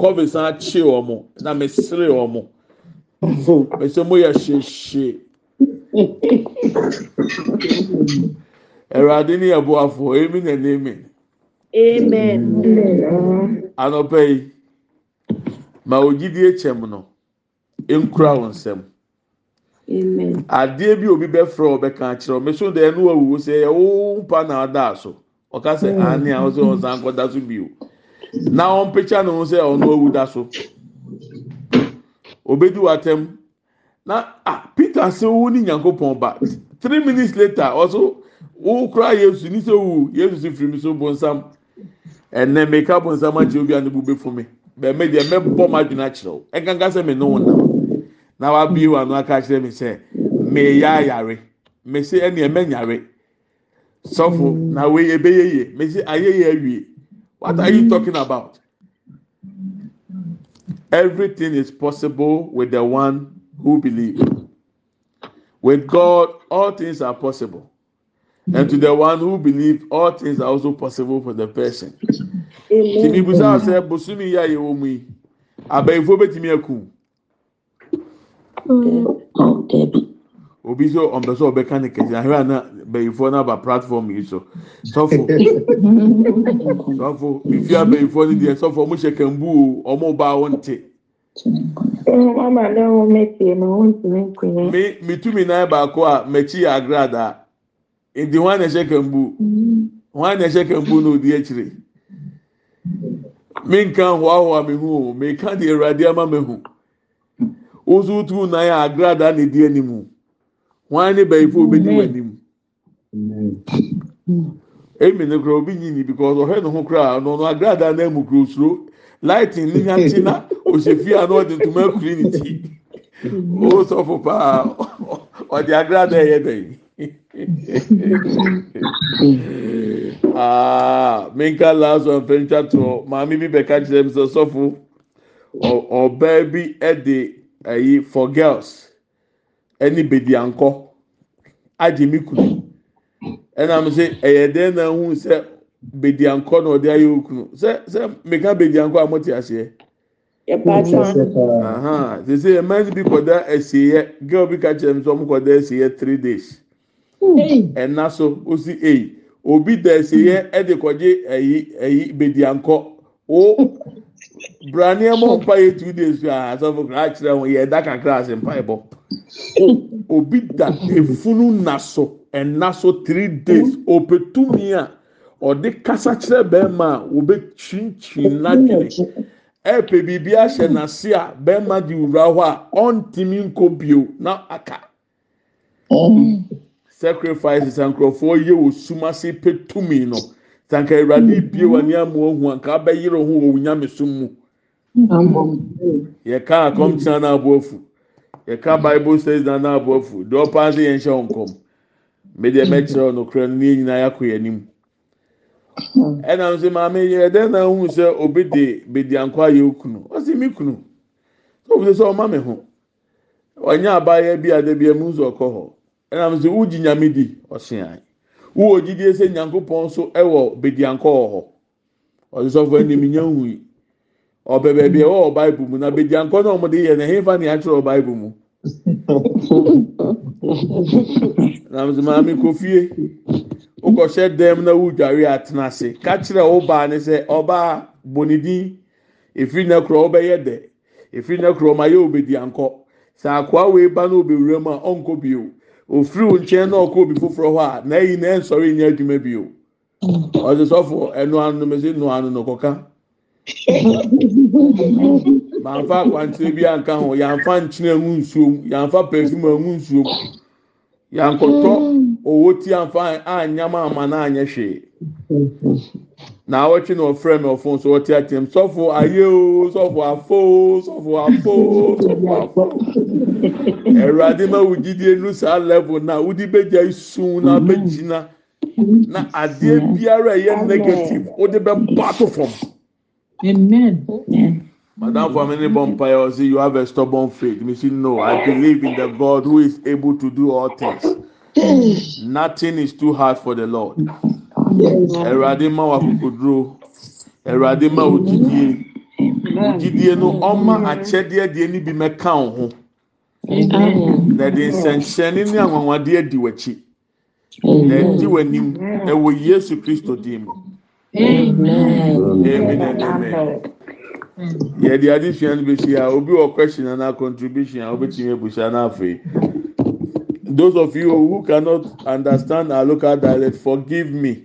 covid san akye wɔn na mesere wɔn mesɛ mo yɛ hyehyɛ ɛwurade ne afọ bo afo emi na n'emi. amen. anɔpɛ yi ma ogyidie kyɛm no nkura wɔn nsam. adeɛ bi obi bɛfrɛ ɔbɛka akyerɛ ɔmo so deɛ ɛnu awuwo sɛ ɛyɛ wo mpa na ada so ɔka sɛ ani mm. a ɔsɛ ɔsan kɔda so bio. na ɔmpekya ne ho sɛ ɔno awu da so obedi watam na ah peter sɛ wo ni nyankopɔn ba three minutes later ɔso wo kura yesu ni sɛ wo yesu si firi mi so bonsam ɛnɛ meka bonsam akyerɛ obi a ne bu bɛ fun mi bɛmɛ deɛ mɛ bɔ ma dwena kyerɛw ɛnkankan e sɛ mi ne ho nam na wa bie wa no aka kyerɛ mi sɛ meya ayare mesi ɛni ɛmɛ nyare sɔfo na wei ebe yeye mesi ayeye awie. What are you mm-hmm. talking about? Everything is possible with the one who believes. With God, all things are possible. And to the mm-hmm. one who believes, all things are also possible for the person. obi sɛ ɔmpɛ sɛ ɔbɛka ne kɛse ahwɛ ana bɛyifoɔ no aba platform yi so sɔfo sɔfo mefia bɛyifoɔ no deɛ sɔfo ɔmo hyɛ kambu o ɔmo ba wo nte me metumi nan baako a m'akyi yɛ agradaa nti hwan na ɛhyɛ kambu hwan na ɛhyɛ kambu na odi akyire menka hoahoa me ho o meka deɛ awurade ama me ho wosowotu nan a agradaa na edi anim o wọn ne bẹyìí fún obedi wọn anim emi ne kura obi nyini because ọhẹ ne ho kura ọno ọno agrada náà mu kuro suro lighting ni nya ti na osefi ano ọdi ntoma ekuri ne ti o sọfo paa ọdi agrada ẹyẹ bẹyìí aa <laughs> ah, minka last one fẹncha tó maame bi bẹka kyerẹ mi sọ sọfo ọbaa bi ẹdi ẹyi for girls. ɛne bediankɔ agye mi kunu ɛnam sɛ ɛyɛ dɛn na ehu sɛ bediankɔ na ɔde ayɛ okunu sɛ sɛ meka bediankɔ a mɔte aseɛ. sese mmaa bi kɔda asieɛ girl bi ka kyerɛ m sɛ ɔmo kɔda asieɛ three days ɛna hmm. so osi eyi eh, obi da asieɛ ɛde kɔgye ɛyi ɛyi bediankɔ o. brania mọ mpa yẹ two days a asọfo kura akyerɛ wọn yɛ ɛda kakra ase mpa ɛbɔ obi da efunu na so ɛna e so three days opetumi e a ɔde kasa kyerɛ bɛrima a obe twintwin n'adwene ɛpɛ biribi ahyɛ n'ase a bɛrima di wura hɔ a ɔntumi nkɔ bio na aka sacrifices nkurɔfoɔ yɛ wɔ sumase petumi no. sanka awurade ebie wani amu ohun anka abɛyere ohun wɔ onyamisom mu yɛka akɔmtena na aboafu yɛka bible says na na aboafu deɛ ɔpaa sɛ yɛn hyɛ wɔn kɔm mmedeɛ mɛkyerɛ ɔnokora no ne nyinaa yɛakɔ yɛn anim ɛna nso maame yɛ dɛ na ohun sɛ obi de bidi anko ayɛ okunu ɔsi mi kunu so obi sɛ mi ho ɔnyɛ abaayɛ bi adabea mu nso ɔkɔ hɔ ɛna nso wugyi nyame di ɔhyɛn ayi. wowɔ gyidie sɛ nyankopɔn so wɔ bediankɔ wɔ hɔ ɔsesɔfo anim nya hui ɔbɛ baabi ọ ɛwɔ bible mu na bediankɔ na ɔmo de na hefa ne akyerɛ bible mu <laughs> na mo maame na wodware atena ase efiri efiri na obewura mu a ofiri wo nkyɛn na ɔkɔ obi foforɔ hɔ a n'ayi na ɛnsɔre nyɛ adwuma bi o mm. ɔde sɔfo ɛnu ano mɛ nu ano no manfa akwankyerɛ bi anka ho yanfa nkyerɛ ɛmu nsuom yanfa perfume ɛmu nsuom yankɔtɔ mm. owo ti anfa anyam ama na hwee. na awɔtwe na ɔfrɛ mi ɔfo nso ɔte atem sɔfo ayeo sɔfo afo sɔfo afo sɔfo afo ɛwurade <laughs> ma wo gyidie nu saa level na wodi bɛgya sun na bɛgyina na adeɛ biara ɛyɛ negative wode bɛ bato fam. amen. madam for many yɛ ɔsi you have a stubborn faith me say no i believe in the god who is able to do all things nothing is too hard for the lord awurade ma w'akokoduro awurade ma wo gyidie wo gyidie no ɔma akyɛdeɛ deɛ ne bi mɛka wo ho na de nsɛnkyɛnne ne anwanwadeɛ di w'akyi na di w'anim ɛwɔ yesu kristo din mu amen amen yɛde ade sua no bɛsi a obi wɔ question ana contribution a wobɛtumi abusa no afei those of you who cannot understand our local dialect forgive me.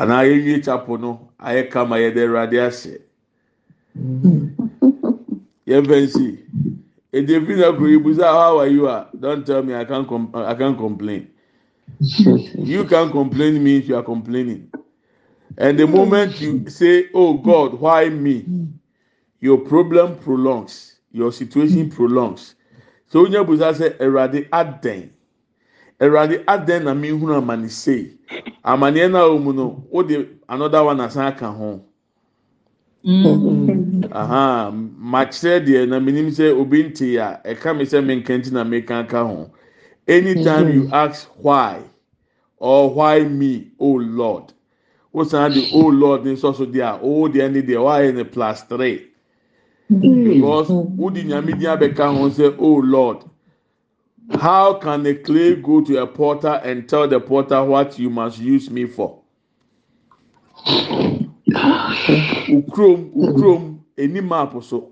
anaa yɛyie chapel no ayɛ kama yɛde awurade ahyɛ hmm. <laughs> yɛmfa nsi èdè fi na kò yìí busa how are you ah don tell me i can com i can complain <laughs> you can complain means you are complaining and the moment you say oh god why me your problem prolongs your situation prolongs so onye busa sɛ awurade adan. awurade adɛn na mehunu amane sei amaneɛ no a wɔ mu no wode another one asan aka ho mm. aha makyerɛ deɛ na menim sɛ obi nte a ɛka me sɛ menka nti na meka ka ho anytime you mm. ask why or why me o oh lord wosan de o oh lord nso so deɛ a o oh deɛ ne deɛ wayɛ ne plus three mm. because wodi nyame din abɛka ho sɛ o oh lord. How can a clay go to a potter and tell the potter what you must use me for? Ukurom ukurom enim apụ so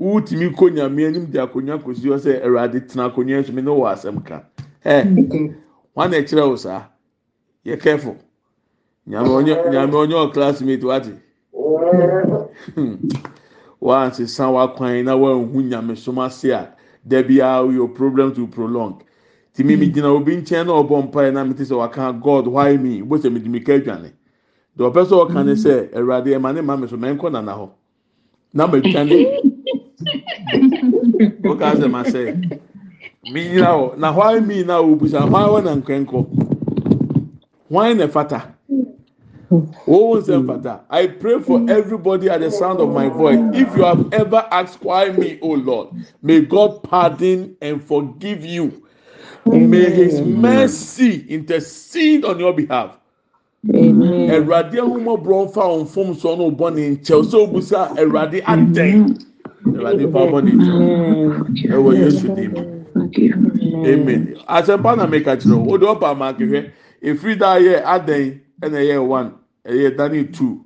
wutumi kọ nyame enim dị akonnwa kọsi ọ sị Awurade tena akonnwa nsọ m na ọ asem ka. Nwa na-ekyerɛ ọ saa, yɛ kɛfụ. Nyame onye nyame onye ọ klasimeti hmm. wati. Wansesa wakwan na wanhu nyame som ase a. debi a yo problem will prolong tìmí mi gyina obi nkyɛn na ɔbɔ mpae na mi ti sɛ waka god why me bó sɛ mi di mi ka adwane deɛ ɔpɛ sɛ ɔka ne sɛ ɛwurade ɛma ne maame so mɛ nkɔ nana hɔ na ma atwa ne ɔka sɛ ma sɛ mi nyina hɔ oh, na why me na obusa why wɔ na nkɛnkɔ why na fata. Hmm. I pray for hmm. everybody at the sound of my voice. If you have ever asked why me, oh Lord, may God pardon and forgive you. May his mercy intercede on your behalf. And ahoma bọ̀rọ̀ nfa ọ̀nfọ̀m sọ ọ́nà ọ̀bọ ní nkyẹn ọ̀sẹ̀ òbúsà Eradi adẹ́n ẹ̀rọ̀adé pàbọ̀ ní nkyẹn ẹ̀wọ̀ Yéṣu dìín amen. Àṣẹ̀mpa náà mẹ́ka kyerẹ́ o, ó one. ɛyɛ daniel two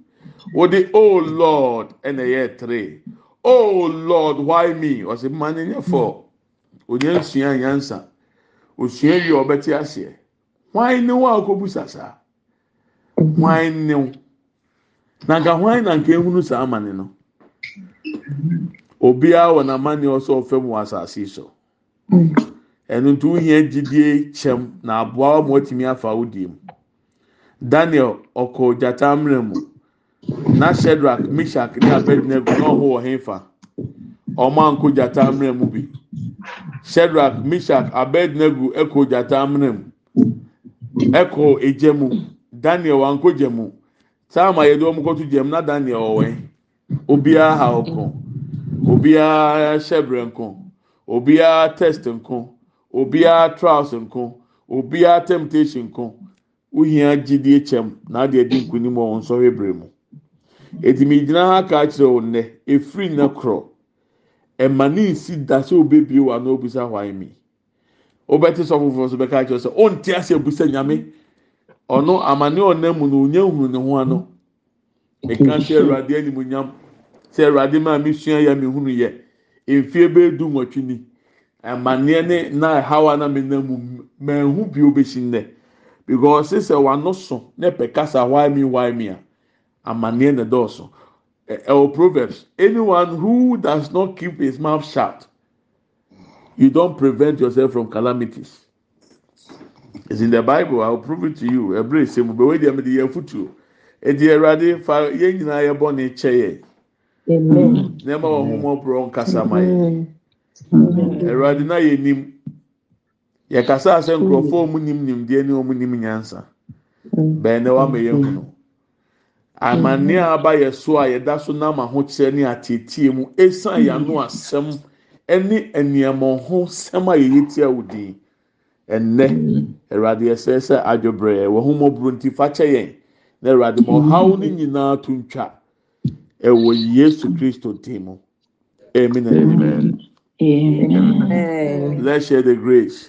wɔde oh lord ɛna ɛyɛ three oh lord why me ɔsɛ mma ne nyɛ four onye nsua nyansa osua yi a aseɛ hwan ne wo a ɔkɔbu sasa hwan ne wo na nka hwan na nka ehunu saa ama ne no obiara wɔ n'amanneɛ ɔsɛ ɔfam wɔ asase so ɛno mm. nti wohia gyidie kyɛm na aboa wɔn a wɔtumi afa awo die daniel ọkọ gyata mmiri mu na shedrak mishak ne abednego na ɔho wɔ hefa ɔmo anko gyata mmerɛ mu bi shedrak mishak abednego ɛkɔ gyata mmiri mu ɛkɔ egya daniel wanko gya mu saa ma yɛde wɔn kɔto gya na daniel ɔwɛn obiara ha ɔkɔ obiara hyɛ brɛ nko obiara test nko obiara trials nko obiara temptation nko. wohia gyidie kyɛm na adi nkunim wɔ wɔn nsɔhwɛ bere mu edi mi gyina ha aka akyerɛ wɔn nɛ efiri na korɔ ɛma ne nsi da sɛ wa na obisa hwan mi sɔ foforɔ so bɛka akyerɛ sɛ ase ebusa nyame ɔno amane mu no onye nhuru ne ho ano ɛka sɛ ɛwurade anim nyam sɛ ɛwurade maa mi sua ya mi hunu yɛ efie bɛɛ du nwɔtwi ni ne na ɛhawa na mi mu bi obesi because sɛ wano so na ɛpɛ kasa why me why me a ah? amaneɛ na dɔɔso ɛwɔ eh, eh, oh, proverbs anyone who does not keep his mouth shut you don't prevent yourself from calamities it's in the bible i will prove it to you Every sɛ mo bɛwɛ deɛ mo de yɛ futuo edi ɛwurade fa yɛn nyinaa yɛ bɔ ne kyɛ yɛ nneɛma wɔ ho mo ɔporɔ nkasa ma yɛ ɛwurade na yɛ nim yɛkasa sɛ nkurɔfoɔ mm. ɔmo nim nimdeɛ ne ɔmo nim nyansa mm. bɛn na wama yɛn hunu mm-hmm. amane a aba yɛ so a yɛda so nam ahokyerɛ ne mu esan yano mm-hmm. asɛm ɛne nneɛma ho sɛm a yɛyɛ tia wo ɛnɛ mm-hmm. awurade yɛsɛ sɛ adwobrɛ wɔn ho mɔburo nti fakyɛ yɛn na awurade ma ɔhaw ne nyinaa to ntwa ɛwɔ yesu kristo mu amen amen let's share the grace.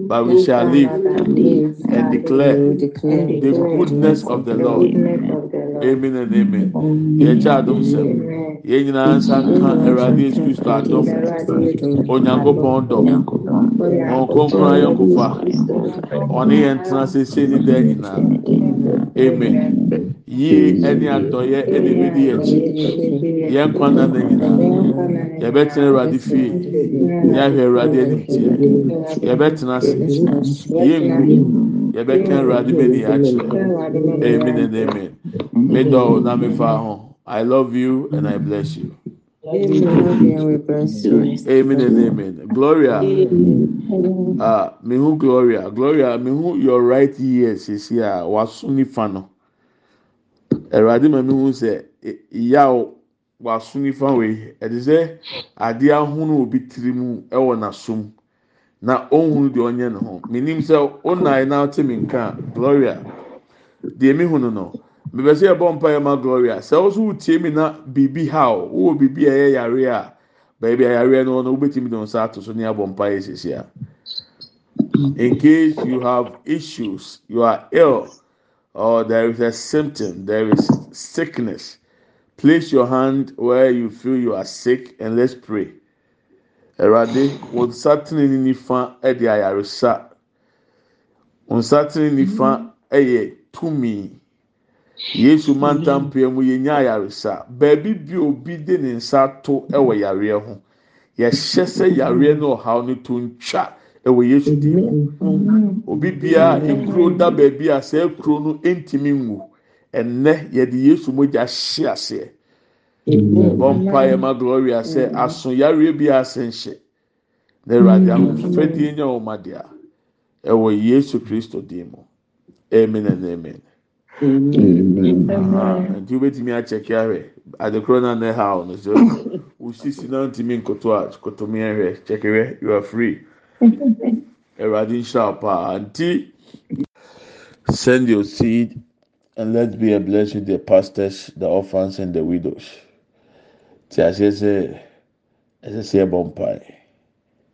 but we shall live and declare the goodness of the Lord. Amen and amen. Yɛn kyɛ adum sɛm. Yɛn nyinaa nsa nka Awurade Yesu Kristo adum. Onyankopɔn dɔm. Wɔn kɔnkɔn ayɛ tena sese ne dan nyinaa. Amen. Yie eni atoye eni ebi di yɛn akyi. Yɛn kwan na ne nyinaa. Yɛbɛtena Awurade fie. Yɛahwɛ Awurade anim tie. Yɛbɛtena ase amen and amen i love you and i bless you amen and amen gloria ah mehu gloria gloria mehu your right ear sisi a ah, waso nifa no awurade ma mehu sɛ yaw waso nifa wei ɛde sɛ adeɛ ahono obi tiri mu ɛwɔ n'asom na ohun the ɔnyɛ ne ho menim sɛ o nan na ɔte mi nka gloria deɛ mi hunu no bɛbɛ sɛ yɛbɔ mpa yɛ ma gloria sɛ ɔso tie mi na biribi ha o Bibi biribi a ɛyɛ yare a baabi a yare no ɔno wobɛtumi de nsa ato so ne abɔ mpa yɛ sisi a in case you have issues you are ill or there is a symptom there is sickness place your hand where you feel you are sick and let's pray. awurade wɔn nsa tene ne nifa de ayaresa wɔn nsa tene nifa yɛ tumi yesu mantampea mu yɛnya ayaresa beebi bi obi de ne nsa to wɔ yareɛ ho yɛhyɛ sɛ yareɛ no ɔhaw no to ntwa ɛwɔ yesu di obi bia ekuro da beebi a sɛ ekuro no ntumi nwu ɛnɛ yɛde yesu mogya hyɛ aseɛ. ɔmpaeɛ ma gloria sɛ aso yareɛ bi ase nhyɛ na awurade ahofadie nya wɔ ma dea ɛwɔ yesu kristo din mu amen and amen nti wobɛtumi akyɛke ahwɛ adekorɔ no anɛ haw no so wosisi na ntumi nkoto a kotomi ahwɛ kyɛkewɛ you are free awurade nhyira wo paa nti send your seed and let's be a blessing to the pastors the orphans and the widows te aseɛ sɛ ɛsɛ sɛ ɛbɔ mpae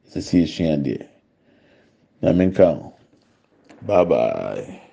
ɛsɛ sɛ esua deɛ na menka ho bye bye.